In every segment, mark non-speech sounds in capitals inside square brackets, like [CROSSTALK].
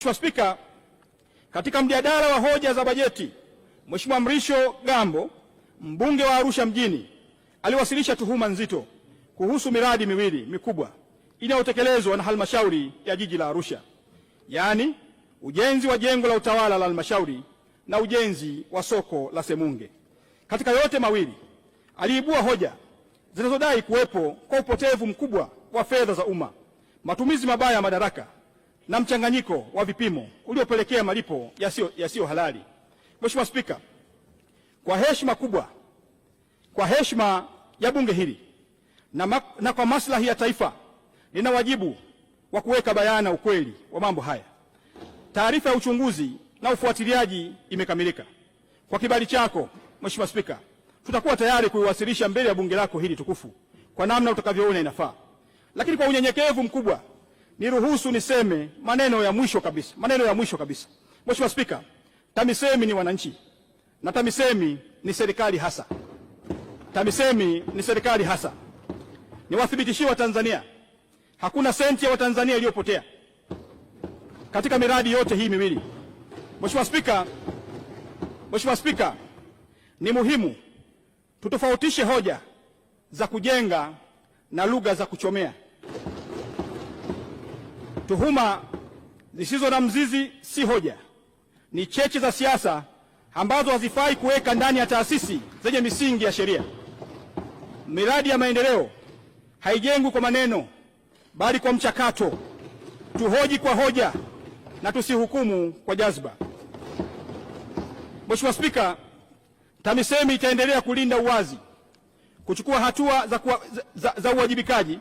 Mheshimiwa Spika, katika mjadala wa hoja za bajeti, Mheshimiwa Mrisho Gambo, mbunge wa Arusha mjini, aliwasilisha tuhuma nzito kuhusu miradi miwili mikubwa inayotekelezwa na halmashauri ya jiji la Arusha, yaani ujenzi wa jengo la utawala la halmashauri na ujenzi wa soko la Semunge. Katika yote mawili, aliibua hoja zinazodai kuwepo kwa upotevu mkubwa wa fedha za umma, matumizi mabaya ya madaraka na mchanganyiko wa vipimo uliopelekea malipo yasiyo yasiyo halali. Mheshimiwa Spika, kwa heshima kubwa, kwa heshima ya bunge hili na, ma, na kwa maslahi ya taifa, nina wajibu wa kuweka bayana ukweli wa mambo haya. Taarifa ya uchunguzi na ufuatiliaji imekamilika. Kwa kibali chako Mheshimiwa Spika, tutakuwa tayari kuiwasilisha mbele ya bunge lako hili tukufu kwa namna utakavyoona inafaa, lakini kwa unyenyekevu mkubwa Niruhusu niseme maneno ya mwisho kabisa, maneno ya mwisho kabisa. Mheshimiwa Spika, TAMISEMI ni wananchi na TAMISEMI ni serikali hasa, TAMISEMI ni serikali hasa. Niwathibitishie Watanzania hakuna senti ya Watanzania iliyopotea katika miradi yote hii miwili. Mheshimiwa Spika, Mheshimiwa Spika, ni muhimu tutofautishe hoja za kujenga na lugha za kuchomea. Tuhuma zisizo na mzizi si hoja, ni cheche za siasa ambazo hazifai kuweka ndani ya taasisi zenye misingi ya sheria. Miradi ya maendeleo haijengwi kwa maneno, bali kwa mchakato. Tuhoji kwa hoja na tusihukumu kwa jazba. Mheshimiwa Spika, TAMISEMI itaendelea kulinda uwazi, kuchukua hatua za, kuwa, za, za uwajibikaji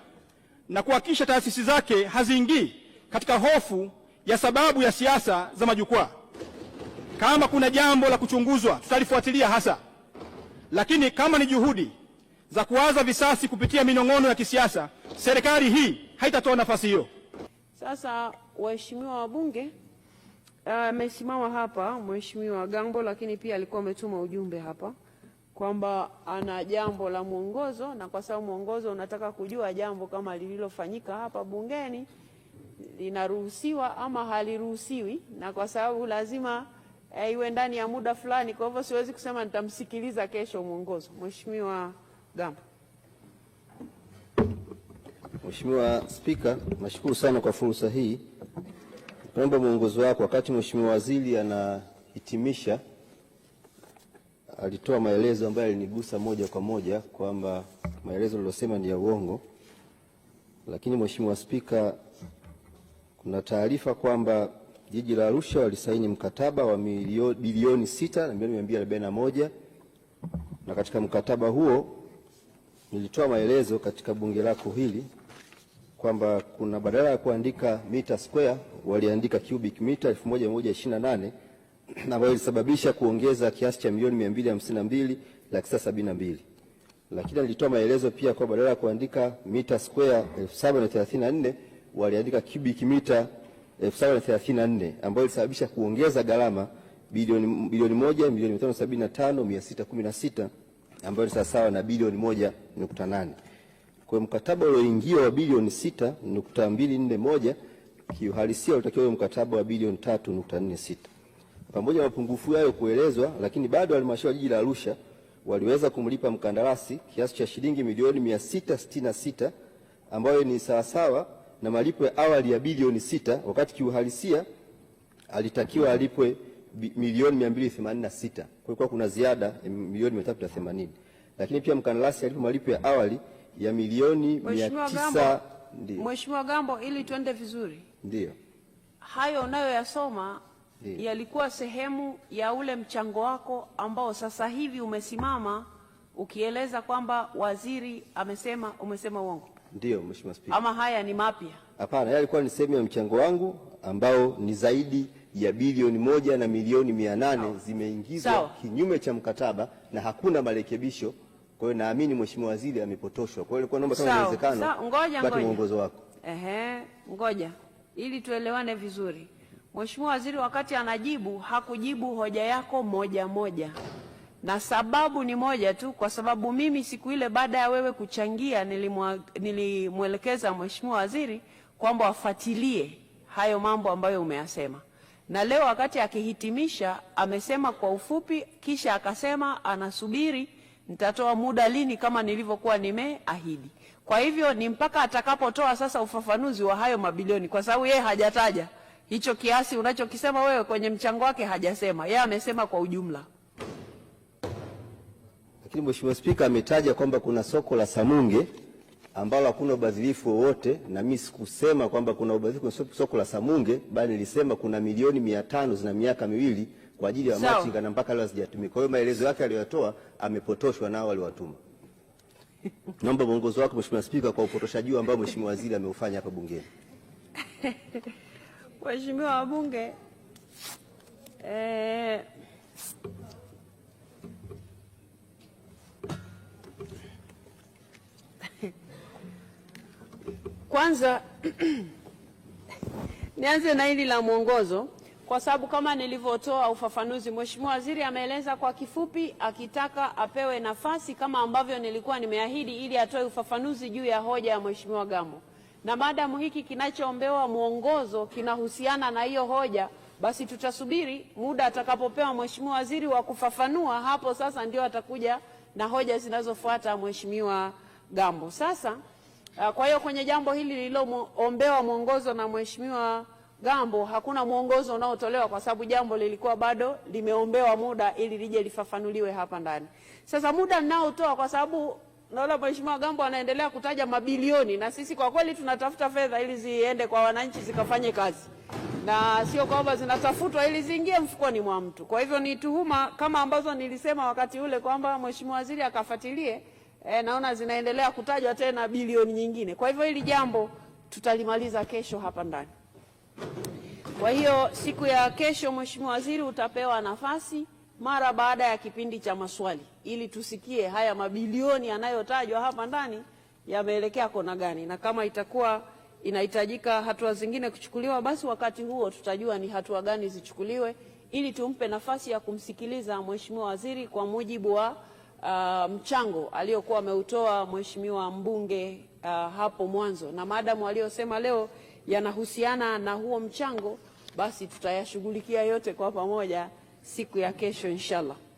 na kuhakikisha taasisi zake haziingii katika hofu ya sababu ya siasa za majukwaa. Kama kuna jambo la kuchunguzwa, tutalifuatilia hasa, lakini kama ni juhudi za kuwaza visasi kupitia minong'ono ya kisiasa, serikali hii haitatoa nafasi hiyo. Sasa waheshimiwa wabunge, eh, amesimama uh, hapa mheshimiwa Gambo, lakini pia alikuwa ametuma ujumbe hapa kwamba ana jambo la mwongozo, na kwa sababu mwongozo unataka kujua jambo kama lililofanyika hapa bungeni linaruhusiwa ama haliruhusiwi, na kwa sababu lazima eh, iwe ndani ya muda fulani. Kwa hivyo siwezi kusema nitamsikiliza kesho mwongozo. Mheshimiwa Gamba. Mheshimiwa Spika, nashukuru sana kwa fursa hii. Naomba mwongozo wako. Wakati Mheshimiwa Waziri anahitimisha, alitoa maelezo ambayo alinigusa moja kwa moja kwamba maelezo aliyosema ni ya uongo, lakini Mheshimiwa Spika Tuna taarifa kwamba jiji la Arusha walisaini mkataba wa bilioni sita na milioni na moja na katika mkataba huo nilitoa maelezo katika bunge lako hili kwamba kuna badala ya kuandika mita square waliandika cubic mita 1128 [CLEARS THROAT] ambayo ilisababisha kuongeza kiasi cha milioni 252 laki sita mbili. Lakini nilitoa maelezo pia kwa badala ya kuandika mita square 734 waliandika cubic mita 1034 ambayo ilisababisha kuongeza gharama bilioni bilioni moja milioni 575,616 ambayo ni sawasawa na bilioni moja nukta nane. Kwa mkataba ulioingia wa bilioni 6.241 kiuhalisia ulitakiwa uwe mkataba wa bilioni 3.46. Pamoja na mapungufu hayo kuelezwa, lakini bado halmashauri jiji la Arusha waliweza kumlipa mkandarasi kiasi cha shilingi milioni 666 ambayo ni sawasawa na malipo ya awali ya bilioni sita wakati kiuhalisia alitakiwa alipwe milioni 286. Kwa kuwa kuna ziada milioni 380. Lakini pia mkandarasi alipo malipo ya awali ya milioni 900. Mheshimiwa Gambo, ili tuende vizuri, ndio hayo unayoyasoma yalikuwa sehemu ya ule mchango wako ambao sasa hivi umesimama ukieleza kwamba waziri amesema, umesema uongo. Ndiyo, Mheshimiwa Spika. Ama haya ni mapya? Hapana, yalikuwa ni sehemu ya mchango wangu ambao ni zaidi ya bilioni moja na milioni mia nane zimeingizwa kinyume cha mkataba na hakuna marekebisho. Kwa hiyo naamini Mheshimiwa Waziri amepotoshwa. Kwa hiyo nilikuwa naomba kama inawezekana ngoja mwongozo wako. Ehe, ngoja ili tuelewane vizuri. Mheshimiwa Waziri wakati anajibu hakujibu hoja yako moja moja na sababu ni moja tu, kwa sababu mimi siku ile baada ya wewe kuchangia nilimwelekeza mheshimiwa waziri kwamba wafuatilie hayo mambo ambayo umeyasema, na leo wakati akihitimisha amesema kwa ufupi, kisha akasema anasubiri nitatoa muda lini kama nilivyokuwa nimeahidi. Kwa hivyo ni mpaka atakapotoa sasa ufafanuzi wa hayo mabilioni, kwa sababu yeye hajataja hicho kiasi unachokisema wewe kwenye mchango wake, hajasema yeye, amesema kwa ujumla. Lakini Mheshimiwa Spika ametaja kwamba kuna soko la Samunge ambalo hakuna ubadhirifu wowote, na mimi sikusema kwamba kuna ubadhirifu kwenye soko la Samunge, bali nilisema kuna milioni mia tano zina miaka miwili kwa ajili ya machinga na mpaka leo hazijatumika. Kwa hiyo maelezo yake aliyotoa amepotoshwa nao waliwatuma. [LAUGHS] Naomba mwongozo wako Mheshimiwa Spika kwa upotoshaji ambao Mheshimiwa Waziri ameufanya hapa bungeni. [LAUGHS] Mheshimiwa wabunge eh... Kwanza [CLEARS THROAT] nianze na hili la mwongozo kwa sababu kama nilivyotoa ufafanuzi, Mheshimiwa Waziri ameeleza kwa kifupi akitaka apewe nafasi kama ambavyo nilikuwa nimeahidi ili atoe ufafanuzi juu ya hoja ya Mheshimiwa gambo Na maadamu hiki kinachoombewa mwongozo kinahusiana na hiyo hoja, basi tutasubiri muda atakapopewa Mheshimiwa Waziri wa kufafanua, hapo sasa ndio atakuja na hoja zinazofuata Mheshimiwa Gambo. Sasa Ah, kwa hiyo kwenye jambo hili lililoombewa mwongozo na Mheshimiwa Gambo, hakuna mwongozo unaotolewa kwa sababu jambo lilikuwa bado limeombewa muda ili lije lifafanuliwe hapa ndani. Sasa muda ninaotoa kwa sababu naona Mheshimiwa Gambo anaendelea kutaja mabilioni, na sisi kwa kweli tunatafuta fedha ili ziende kwa wananchi zikafanye kazi, na sio kwamba zinatafutwa ili ziingie mfukoni mwa mtu. Kwa hivyo ni tuhuma kama ambazo nilisema wakati ule kwamba Mheshimiwa Waziri akafuatilie e, naona zinaendelea kutajwa tena bilioni nyingine. Kwa hivyo hili jambo tutalimaliza kesho hapa ndani. Kwa hiyo siku ya kesho, Mheshimiwa Waziri, utapewa nafasi mara baada ya kipindi cha maswali ili tusikie haya mabilioni yanayotajwa hapa ndani yameelekea kona gani, na kama itakuwa inahitajika hatua zingine kuchukuliwa, basi wakati huo tutajua ni hatua gani zichukuliwe ili tumpe nafasi ya kumsikiliza Mheshimiwa Waziri kwa mujibu wa mchango um, aliokuwa aliyokuwa ameutoa mheshimiwa mbunge uh, hapo mwanzo na maadamu aliyosema leo yanahusiana na huo mchango, basi tutayashughulikia yote kwa pamoja siku ya kesho inshallah.